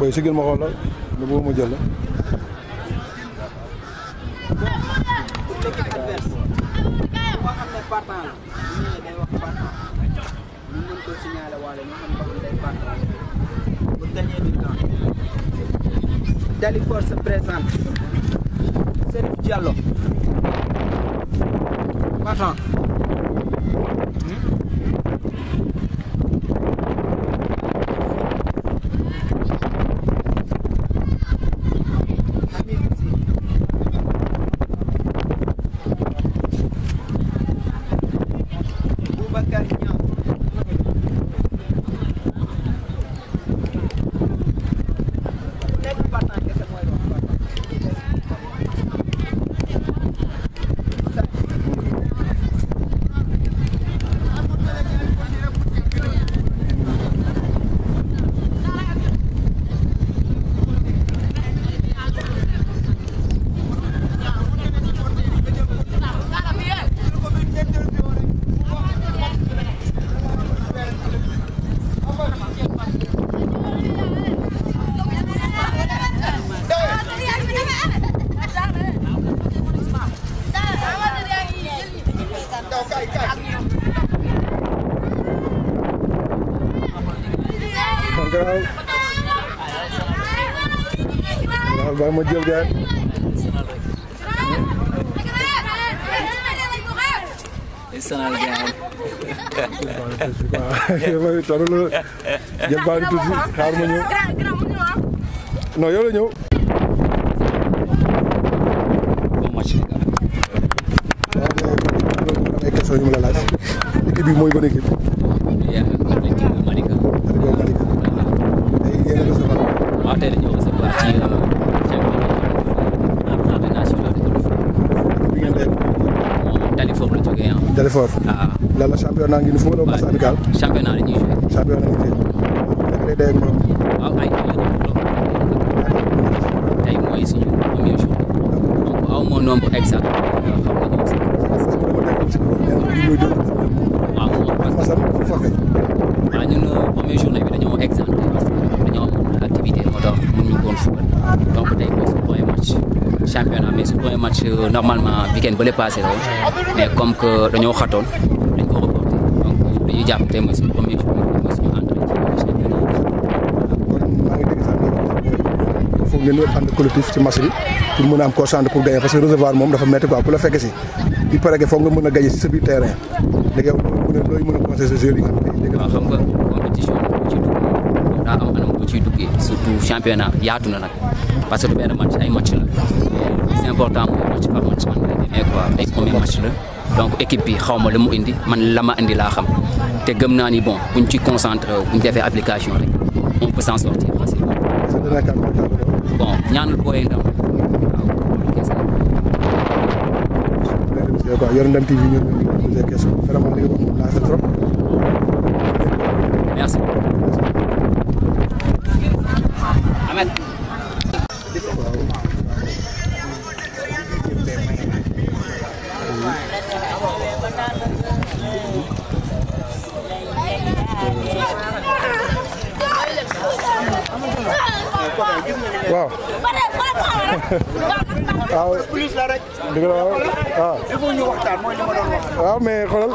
boy sigil ma xool la lu bëgg ma jël la. Dalifort se présente Serif Diallo partant Abu Bakar Nyang. waaw. waaw baax ma jël gaay. sonal gaay. waaw tollu jël baax tuuti xaar ma ñëw. non yow la ñëw. waaw ay question yu ma la laaj équipe bi mooy bonne équipe. Dalifort. Ah, ah. lan la championnat ngi ni fu mu doon match amical. championnat la ñuy joué. championnat la ñuy joué. day moom. waaw ay tey mooy suñu premier jour. donc aw ma nombre exact. waaw waaw ñun euh, premier journée bi dañoo exempté parce que dañoo am activité moo tax nekkoon football donc tey mooy suñu premier match championnat mais suñu premier match euh, normalement weekend ba le passé la mais comme que dañoo xatoon dañ ko reporté donc dañuy jàpp tey mooy suñu premier jour mooy suñu entrée ci match bi pour mën a am concentré pour gagner parce que recevoir moom dafa métti quoi ku la fekk si il paraît foog nga mën a gagner si sa biir terrain léegi yow looy mën mën a conseillé sa joueur yi nga xam nga compétition ci dugg. daa am anam bu ciy duggee surtout championnat yaatu na nag parce que du benn match ay match la c'est important match la donc équipe bi xaw ma la mu indi man lama indi laa xam te gëm naa ni bon buñ ci concentré euh, buñ defee application rek on peut s'en sortir facilement bon ñaanal booyee ndam waaw Ahmed. waaw. Ah waaw. waaw ah, mais xoolal.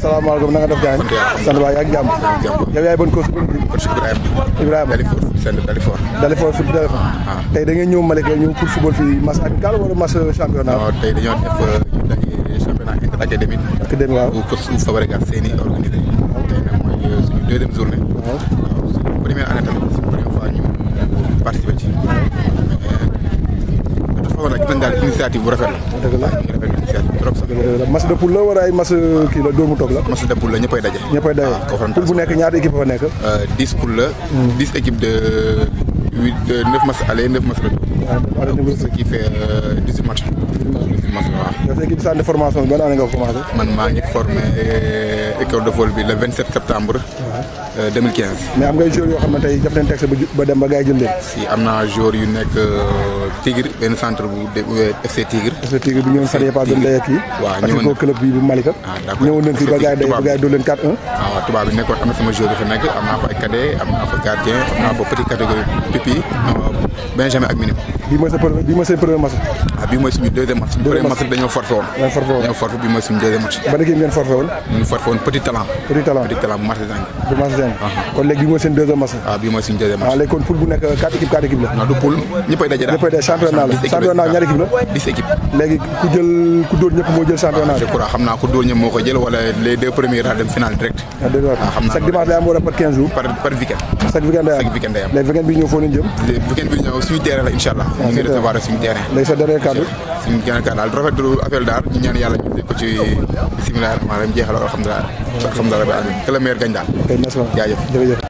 salaamaaleykum na nga def gaañ sant waay ak jàmm yow yaay bon coach Ibrahima Ibrahima Dalifort Dalifort foot Dalifort ah. tey da ngeen ñëw Malika ñëw pour football fii match amical wala match euh, championnat tey dañoo def euh, championnat inter académique académique waaw bu coach Fabregas seen i organisé ah. tey nag mooy euh, suñu deuxième journée ah. waaw suñu première année tamit suñu première fois ñu participer ci de toute façon nag gis nañ daal initiative bu rafet la trop sax match de poule la wala ay match euh, kii la dóomu toog la match de poule la ñëppay daje ñëppay daje ah, euh, poule la hmm. dix équipes de neuf matchs aller neuf matchs retour ah, ce qui fait euh, dix-huit matchs dix-huit matchs waaw sa équipe centre de formation bi ban année nga ko man maa ngi formé école de vol bi le vingt-sept septembre ah. 2015. Euh, mais am ngay joueur yoo xam ne tey def nañ texte ba dem ba gars yi jël leen. si am naa joueur yu nekk euh, Tigre benn centre bu euh, FC Tigre. FC Tigre bi ñëwoon Sariya Paz doon dayee kii. waaw ñëwoon parce club bi bu Malika. ah d' accord ñëwoon nañ fi ba gars yi day ba gars yi doon leen 4-1. Ah, tubaab bi nekkoon am sama joueur bi fa nekk am naa fa ay cadet am naa fa gardien am naa fa petite catégorie pipi Benjamin ak Minim. bii mooy sa premier bii mooy seen premier match. ah bii mooy suñu deuxième match. deuxième match suñu premier match bi dañoo forfait woon. dañoo forfait woon dañoo forfait bii mooy suñu deuxième match. ban équipe ngeen forfait woon. ñu forfait woon Petit Talent. Petit Talent Petit Talent bu Marseille. bu Marseille. Ah, ah. kon léegi bii mooy seen deuxième match. waaw ah, bii mooy suñu deuxième match. ah léegi kon poule bu nekk quatre équipes quatre équipes la. non du poule ñëppay daje daal. ñëppay daje championnat la championnat ñaari équipe la. dix équipes. léegi ku jël ku dóor ñëpp moo jël championnat bi. je crois xam naa ku dóor ñëpp moo ko jël wala les deux premiers daa dem final direct. ah dëgg la xam naa chaque dimanche day am wala par quinze jours. par par weekend. chaque weekend day am chaque weekend day am. léegi weekend bi ñëw foo leen jëm. weekend bi ñëw suñu terrain la incha allah ñu ngi recevoir suñu terrain léegi sa dernier cadre suñu dernier cadre daal rafetlu appel daal ñu ñaan yàlla ñu ko ci bisimilah rahmaani rahim jeexal alhamdulilah alhamdulilah rabbil alamin que le daal